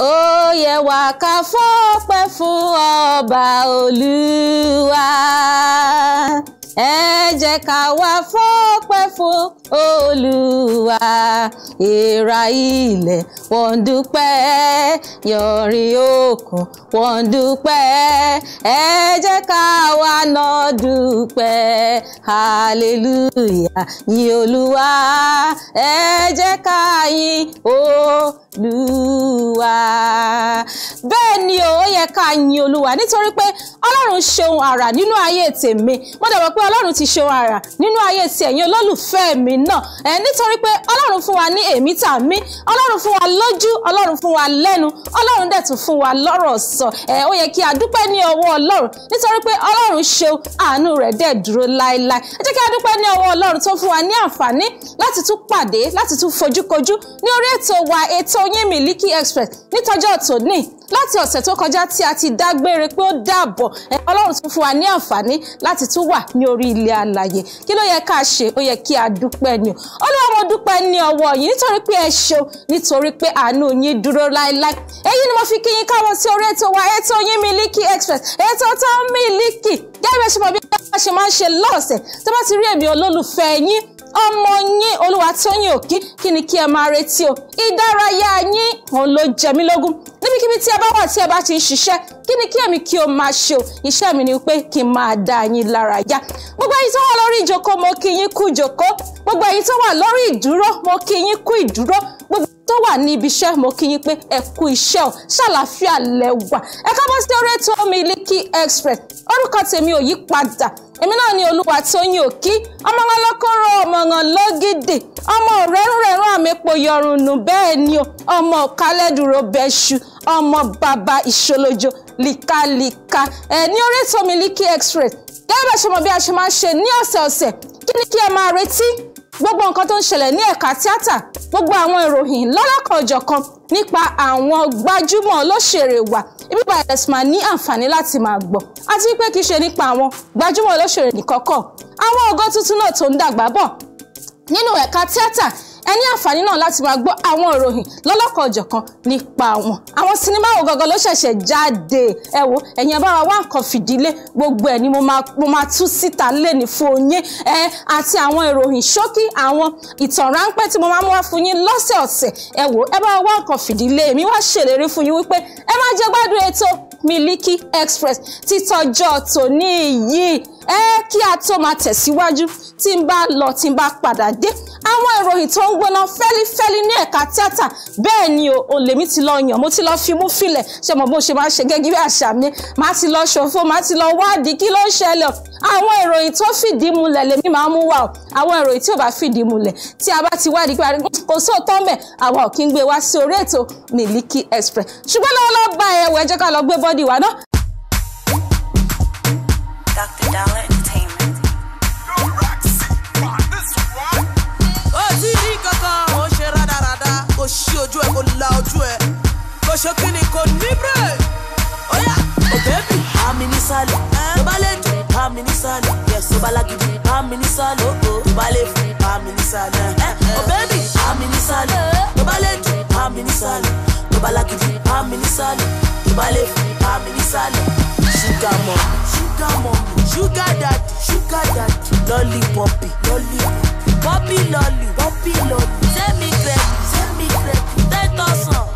ó yẹ wá ká fọ́pẹ́ fún ọba olúwa ẹ jẹ́ ká wá fọ́pẹ́ dúpẹ́ fún olúwa èèrà ilẹ̀ wọ́n dúpẹ́ yọrin òkun wọ́n dúpẹ́ ẹ jẹ́ ká wa náà dúpẹ́ hallelujah yìn olúwa ẹ jẹ́ ká yìn olúwa bẹ́ẹ̀ ni o ó yẹ ká yìn olúwa nítorí pé ọlọ́run ṣeun àrà nínú ayé tèmi mo dẹ̀ wọ́n pé ọlọ́run ti ṣeun àrà nínú ayé tèmi ẹ̀yin olóòtú olólùfẹ́ mi náà ẹ nítorí pé ọlọ́run fún wa ní èmí tà mí ọlọ́run fún wa lójú ọlọ́run fún wa lẹ́nu ọlọ́run dẹ̀ tún fún wa lọ́rọ̀ sọ ẹ ó yẹ kí a dúpẹ́ ní ọwọ́ ọlọ́run nítorí pé ọlọ́run ṣeun àánú rẹ̀ dẹ̀ dúró láéláé ẹ jẹ́ kí a dúpẹ́ ní ọwọ́ ọlọ́run tó fún wa ní àǹfààní láti tún pàdé láti tún fojúkojú ní orí ètò wa ètò yín Miliki Express nítọjọ́ tòní láti ọ̀sẹ̀ tó kọjá tí a ti dágbére pé ó dàbọ̀ ọlọ́run tún fún wa ní àǹfààní láti tún wà ní orí ilẹ̀ alàyè kí ló yẹ ká ṣe ó yẹ kí a dúpẹ́ ni ó ní ọmọ dúpẹ́ ní ọwọ́ yìí nítorí pé ẹ ṣeun nítorí pé àánú yín dúró láéláé èyí ni mo fi kí yín káwọn sí orí ètò wa ètò yín Miliki Express ètò tó ń Miliki gẹ́gẹ́ bí ẹ ṣe mọ̀ bí wọ́n ṣe máa ń ṣe lọ́ọ̀sẹ̀ tó bá ti rí èmi olólùfẹ́ yín ọmọ yín Olúwatóyìn Òkí kí ni kí ẹ máa retí o ìdárayá yín òun ló jẹ mí lógún níbikíbi tí ẹ bá wà tí ẹ bá ti ń ṣiṣẹ́ kí ni kí èmi kí o máa ṣe o iṣẹ́ mi ni pé kí n máa dá yín lára yá gbogbo ẹ̀yin tó wà lórí ìjókòó mo kí yín kú ìjókòó gbogbo ẹ̀yin tó wà lórí ìdúró mo kí yín kú ìdúró gbogbo tó wà ní ibi iṣẹ́ mo kí yín pé ẹ kú iṣẹ́ o ṣàlàáfíà lẹ́wà ẹ kábọ̀ sí orí ètò Miliki Express orúkọ tèmi ò yí padà èmi náà ni Olúwatóyìn Òkí ọmọ ọlọ́kọ́rọ́ gidi ọmọ rẹ́rùnrẹ́rùn àmẹ́pọ̀ yọrùnù bẹ́ẹ̀ ni o ọmọ kálẹ́dùrọ̀ bẹ́ṣu ọmọ bàbá ìṣolójo líkalíka ẹ̀ ní orí ètò Miliki Express gẹ́gẹ́ bá ṣe mọ̀ bí a ṣe máa ń ṣe ní ọ̀sẹ̀ọ̀sẹ̀ kí ni kí ẹ máa retí gbogbo nǹkan tó ń ṣẹlẹ̀ ní ẹ̀ka tíátà gbogbo àwọn ìròyìn lọ́lọ́kanòjọ̀kan nípa àwọn gbajúmọ̀ olóṣèré wa ibi bá ẹ̀rẹ̀ sùn máa ní àǹfààní láti máa gbọ́ àti wípé kì í ṣe nípa àwọn gbajúmọ̀ olóṣèré nìkọ́kọ́ àwọn ògo tuntun náà tó ń dàgbà bọ̀ nínú ẹ̀ka tíátà ẹ ní àǹfààní náà láti máa gbọ́ àwọn ìròyìn lọ́lọ́kan ọ̀jọ̀kan nípa wọn àwọn sinimá wo gangan ló ṣẹ̀ṣẹ̀ jáde ẹ wo ẹ̀yin ẹ bá wa wá nǹkan fìdílé gbogbo ẹ̀ ni mo máa mo máa tú síta lẹ́ni fún yín ẹ àti àwọn ìròyìn ṣókí àwọn ìtàn ráńpẹ́ tí mo máa mú wá fún yín lọ́sẹ̀ ọ̀sẹ̀ ẹ wo ẹ bá wá nǹkan fìdílé èmi wá ṣèlérí fún yín wípé ẹ máa jẹ gbádùn ètò Miliki Express títọjọ́ tòní yìí ẹ kí a tó máa tẹ̀síwájú tí n bá lọ tí n bá padà dé àwọn ìròyìn tó ń gbóná fẹ́lífẹ́lí ní ẹ̀ka tíátà bẹ́ẹ̀ ni o olèmí ti lọ yàn mo ti lọ fi mú filẹ̀ ṣe mọ̀ bó ṣe máa ń ṣe gẹ́gẹ́ bí àṣà mi máa ti lọ ṣòfò máa ti lọ wádìí kí ló ń ṣẹlẹ̀ àwọn ìròyìn tó fìdí múlẹ̀ lèmi máa ń mú wá o àwọn ìròyìn tí ò bá fìdí múlẹ̀ tí a bá ti wádìí pé kò sóòótọ́ mẹ́ àwa ò ń gbé wá sí orí ètò Miliki Express ṣùgbọ́n lọ́wọ́lọ́wọ́ bá ẹ̀wọ̀ ẹ jẹ́ ká lọ gbé bọ́dì wa náà ṣó kí ni kò ní break. Oya òbẹ́bì bá mi ní sálẹ̀. Tó bá lè jù bá mi ní sálẹ̀. Yẹ̀sọ́ bá lágídí bá mi ní sálẹ̀. Tó bá lè fún bá mi ní sálẹ̀. Òbẹ́bì bá mi ní sálẹ̀. Tó bá lè jù bá mi ní sálẹ̀. Tó bá lágídí bá mi ní sálẹ̀. Tó bá lè fún bá sálẹ̀. Sugar mom, sugar mom, sugar daddy, sugar daddy, poppy, lolly poppy lolly, poppy lolly, me semi crepe, semi crepe, ten thousand.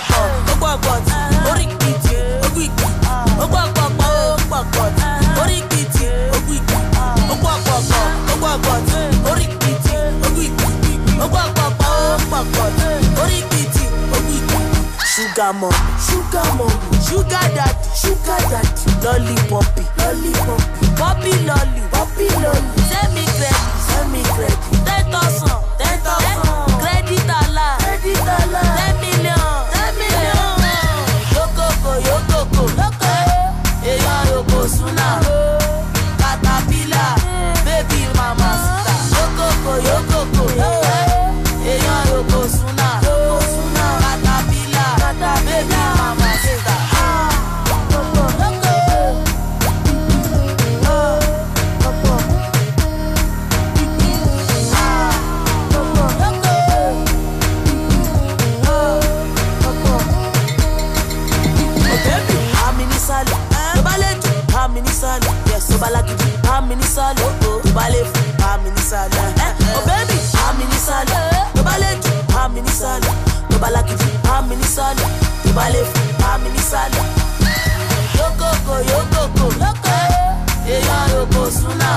ọ̀pọ̀ ọgbọ́ ọ̀pọ̀tì orí sẹ́mi sẹ́mi minisada ìbálẹ̀ fún ìbá minisada. yókòkò yókòkò èèyàn yòókò eh, súnà.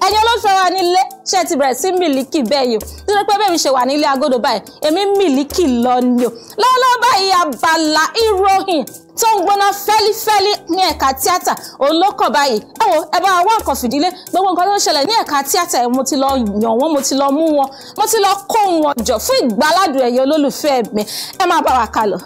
Alo ṣe wà nílé ṣe ti bẹ̀rẹ̀ sí mílíkì bẹ́ẹ̀ yìí nítorí pé bẹ́ẹ̀ mi ṣe wà nílé agodo báyìí èmi mílíkì lọ ni o lọ́wọ́lọ́wọ́ báyìí abala ìròyìn tó ń gbóná fẹ́lífẹ́lí ní ẹ̀ka tíátà òun báyìí ẹ ẹ bá wá nǹkan fìdílé gbogbo nǹkan tó ń ṣẹlẹ̀ ní ẹ̀ka tíátà ẹ̀ mo ti lọ yàn wọ́n mo ti lọ mú wọn mo ti lọ kó wọn jọ fún ìgbàládùn ẹ̀yẹ olólùfẹ́ mi ẹ máa bá wa kà lọ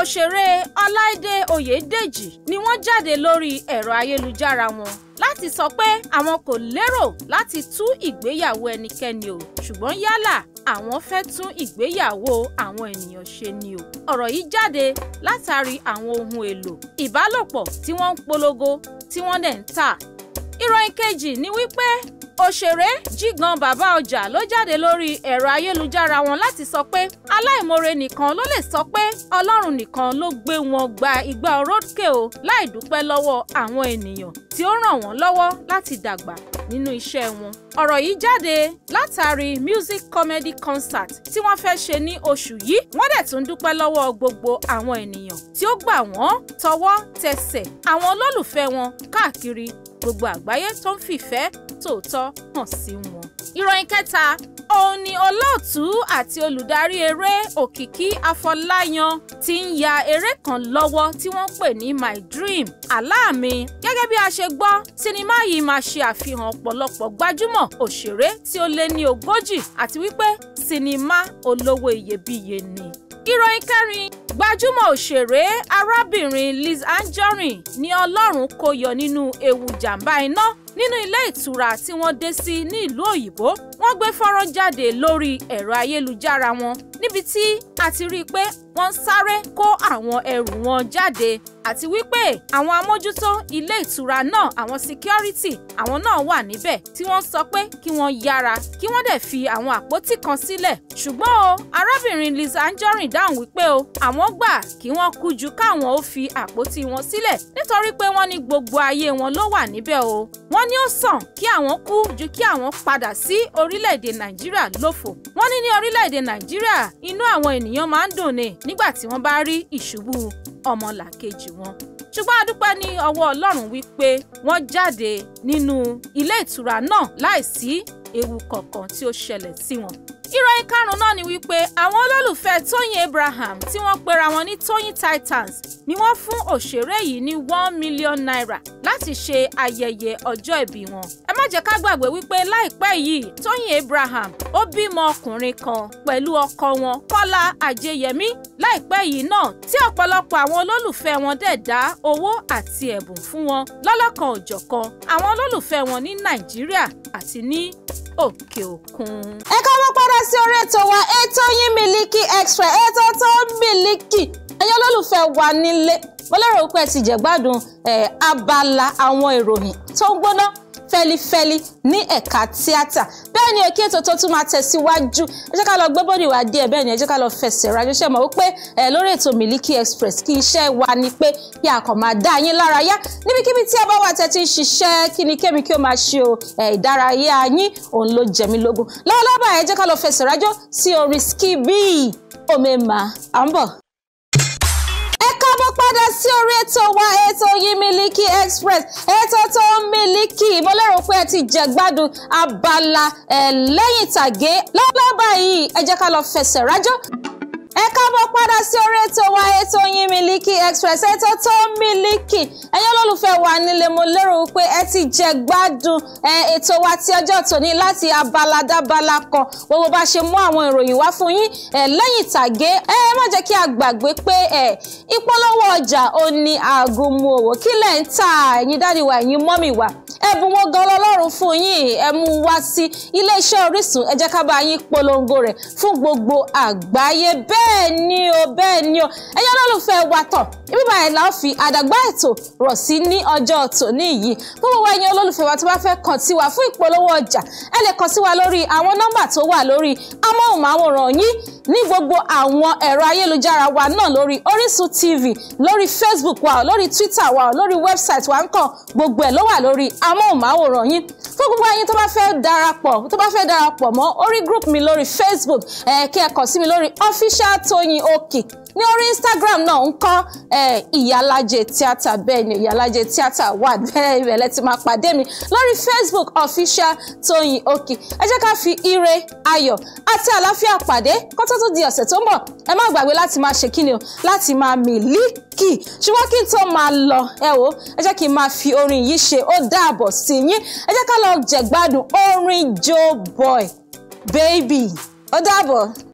òṣèré ọláìdé oyèdèjì ni wọ́n jáde lórí ẹ̀rọ ayélujára wọn láti sọ pé àwọn kò lérò lá láti tú ìgbéyàwó ẹnikẹ́ni o ṣùgbọ́n yálà àwọn fẹ́ tún ìgbéyàwó àwọn ènìyàn ṣe ni o. ọ̀rọ̀ yìí jáde látàrí àwọn ohun èlò ìbálòpọ̀ tí wọ́n ń polongo tí wọ́n dẹ̀ ń tà ìròyìn kejì ni wípé òṣèré Jígan Bàbá Ọjà ló jáde lórí ẹ̀rọ ayélujára wọn láti sọ pé aláìmoore nìkan ló lè sọ pé Ọlọ́run nìkan ló gbé wọn gba igbá orókè o láì dúpẹ́ lọ́wọ́ àwọn ènìyàn tí ó ràn wọ́n lọ́wọ́ láti dàgbà nínú iṣẹ́ wọn. ọ̀rọ̀ yìí jáde látàrí music comedy concert tí wọ́n fẹ́ ṣe ní oṣù yìí wọ́n dẹ̀ tún dúpẹ́ lọ́wọ́ gbogbo àwọn ènìyàn tí ó gbà wọ́n tọwọ́ tẹsẹ̀ àwọn olólùfẹ́ wọn káàkiri gbogbo àgbáyé tó ń fìfẹ́ tòótọ́ hàn sí wọn. ìròyìn kẹta òun ni olóòtú àti olùdarí eré Òkìkí Afọláyan ti ń ya eré kan lọ́wọ́ tí wọ́n pè ní My Dream àlá mi gẹ́gẹ́ bí a ṣe gbọ́ sinimá yìí máa ṣe àfihàn ọ̀pọ̀lọpọ̀ gbajúmọ̀ òṣèré tí ó lé ní ogójì àti wípé sinimá olówó iyebíye ni. ìròyìn kẹrin gbajúmọ̀ òṣèré arábìnrin Liz Anjorin ni Ọlọ́run kó yọ nínú ewu jàǹbá iná nínú ilé ìtura tí wọ́n dé sí ní òyìnbó wọ́n gbé fọ́nrán jáde lórí ẹ̀rọ ayélujára wọn níbi tí a ti rí i pé wọ́n ń sáré kó àwọn ẹrù wọn jáde àti wípé àwọn amójútó ilé ìtura náà àwọn security àwọn náà wà níbẹ̀ tí wọ́n sọ pé kí wọ́n yára kí wọ́n dẹ̀ fi àwọn àpótí kan sílẹ̀ ṣùgbọ́n o arábìnrin Liz Anjorin dáhùn wípé o àwọn gbà kí wọ́n kú ju káwọn ó fi àpótí wọn sílẹ̀ nítorí pé wọ́n ní gbogbo ayé wọn ló wà níbẹ̀ o wọ́n ní ó sàn kí àwọn kú ju kí àwọn padà sí or orílẹ̀-èdè nàìjíríà lófò wọ́n ní ní orílẹ̀-èdè nàìjíríà inú àwọn ènìyàn máa ń dùn ni nígbà tí wọ́n bá rí ìṣubú ọmọlàkejì wọn ṣùgbọ́n adúpẹ́ ní ọwọ́ ọlọ́run wípé wọ́n jáde nínú ilé ìtura náà láìsí ewu kankan tí ó ṣẹlẹ̀ sí wọn ìròyìn karùn náà ni wípé àwọn olólùfẹ́ Tóyìn Abraham tí wọ́n pera wọn ní Tóyìn Titans ni wọ́n fún òṣèré yìí ní one million naira láti ṣe ayẹyẹ ọjọ́ ìbí wọn. ẹ má jẹ́ ká gbàgbé wípé láìpẹ́ yìí Tóyìn Abraham ó bímọ ọkùnrin kan pẹ̀lú ọkọ wọn Kọ́lá Ajéyẹmí láìpẹ́ yìí náà tí ọ̀pọ̀lọpọ̀ àwọn olólùfẹ́ wọn dẹ̀ dá owó àti ẹ̀bùn fún wọn lọ́lọ́kan òjọ̀kan àwọn olólùfẹ́ wọn ní Nàìjíríà àti ní òkè òkun. ẹ káwọ́ pọ́nrọ́ wá sí orí ètò wa ètò yín Miliki extra, ètò tó ń Miliki ẹ̀yin olólùfẹ́ wa nílé mo lérò pé ẹ ti jẹ̀gbádùn abala àwọn ìròyìn tó ń gbóná fẹlifẹli ní ẹ̀ka tíátà bẹ́ẹ̀ ni èké ètò tó tún máa tẹ̀síwájú ẹ jẹ́ ká lọ gbé bọ́dì wá díẹ̀ bẹ́ẹ̀ ni ẹ jẹ́ ká lọ fẹsẹ̀ rajò ṣe mọ̀ wípé ẹ lórí ètò Miliki Express kí iṣẹ́ wa ni pé kí a kàn máa dá yín lára yá níbikíbi tí ẹ bá wà tẹ́tí ń ṣiṣẹ́ kí ni kémi kí ó máa ṣe o ẹ ìdárayá yín òun ló jẹ mí lógún lọ́wọ́lọ́wọ́ báyìí ẹ jẹ́ ká lọ fẹsẹ̀ rajò sí orí Skibidi Omema à ń bọ̀ káàbọ̀ padà sí orí ètò wa ètò yìí Miliki Express ètò tó ń miliki mo lérò pé ẹ ti jẹ gbádùn abala ẹ̀ eh, lẹ́yìn tàgé lọ́bàá yìí ẹ jẹ́ ká lọ fẹsẹ̀ rájọ́ ẹ káàbọ̀ padà sí orí ètò wa ètò yín Miliki Express ètò tó Miliki ẹ̀yin olólùfẹ́ wa nílé mo lérò pé ẹ ti jẹ gbádùn ètò wa ti ọjọ́ tòní láti abala dábala kan gbogbo bá ṣe mú àwọn ìròyìn wá fún yín lẹ́yìn ìtàgé ẹ má jẹ́ kí a gbàgbé pé ìpolówó ọjà ó ní aago mu òwò kílẹ̀ ń ta ẹ̀yin dáàdi ẹ̀yin mọ́mì wa ẹ̀bùn wọn gan lọ́lọ́run fún yín ẹ mú wá sí iléeṣẹ́ Orísun ẹ jẹ́ yín polongo rẹ̀ fún gbogbo àgbáyé bẹ́ẹ̀ ni o bẹ́ẹ̀ ni o ẹ̀yọ́ lọ́lùfẹ́ wa tán ibi báyìí la ó fi àdàgbà ètò rọ̀ sí ní ọjọ́ tòní yìí fún gbogbo ẹ̀yin olólùfẹ́ wa tó bá fẹ́ kàn sí wa fún ìpolówó ọjà ẹ lè kàn sí wa lórí àwọn nọ́mbà tó wà lórí amóhùnmáwòrán yín ní gbogbo àwọn ẹ̀rọ ayélujára wa náà lórí Orísun TV lórí Facebook wa lórí Twitter wa lórí website wa ń kàn gbogbo ẹ̀ ló wà lórí amóhùnmáwòrán yín fún gbogbo ẹ̀yin tó bá fẹ́ darapọ̀ tó bá fẹ́ darapọ̀ mọ́ orí group mi lórí Facebook ẹ kí ẹ kàn sí mi lórí official Tóyìn Òkìkí ní orí Instagram náà ń kọ́ ìyálàjẹ tíátà bẹ́ẹ̀ ni ìyálàjẹ tíátà wà bẹ́ẹ̀ ibẹ̀ lẹ ti máa pàdé mi lórí Facebook official Tóyìn Òkìkí ẹ jẹ́ ká fi ire ayọ̀ àti àlàáfíà pàdé kó tó tó di ọ̀sẹ̀ tó ń bọ̀ ẹ má gbàgbé láti máa ṣe kíni o láti máa mìlí Wizkid ṣùgbọ́n kí n tó máa lọ ẹ wo ẹ jẹ́ kí n máa fi orin yìí ṣe ó dàbọ̀ sí yín ẹ jẹ́ ká lọ jẹ̀gbádùn orin Joe Boy baby ó dàbọ̀.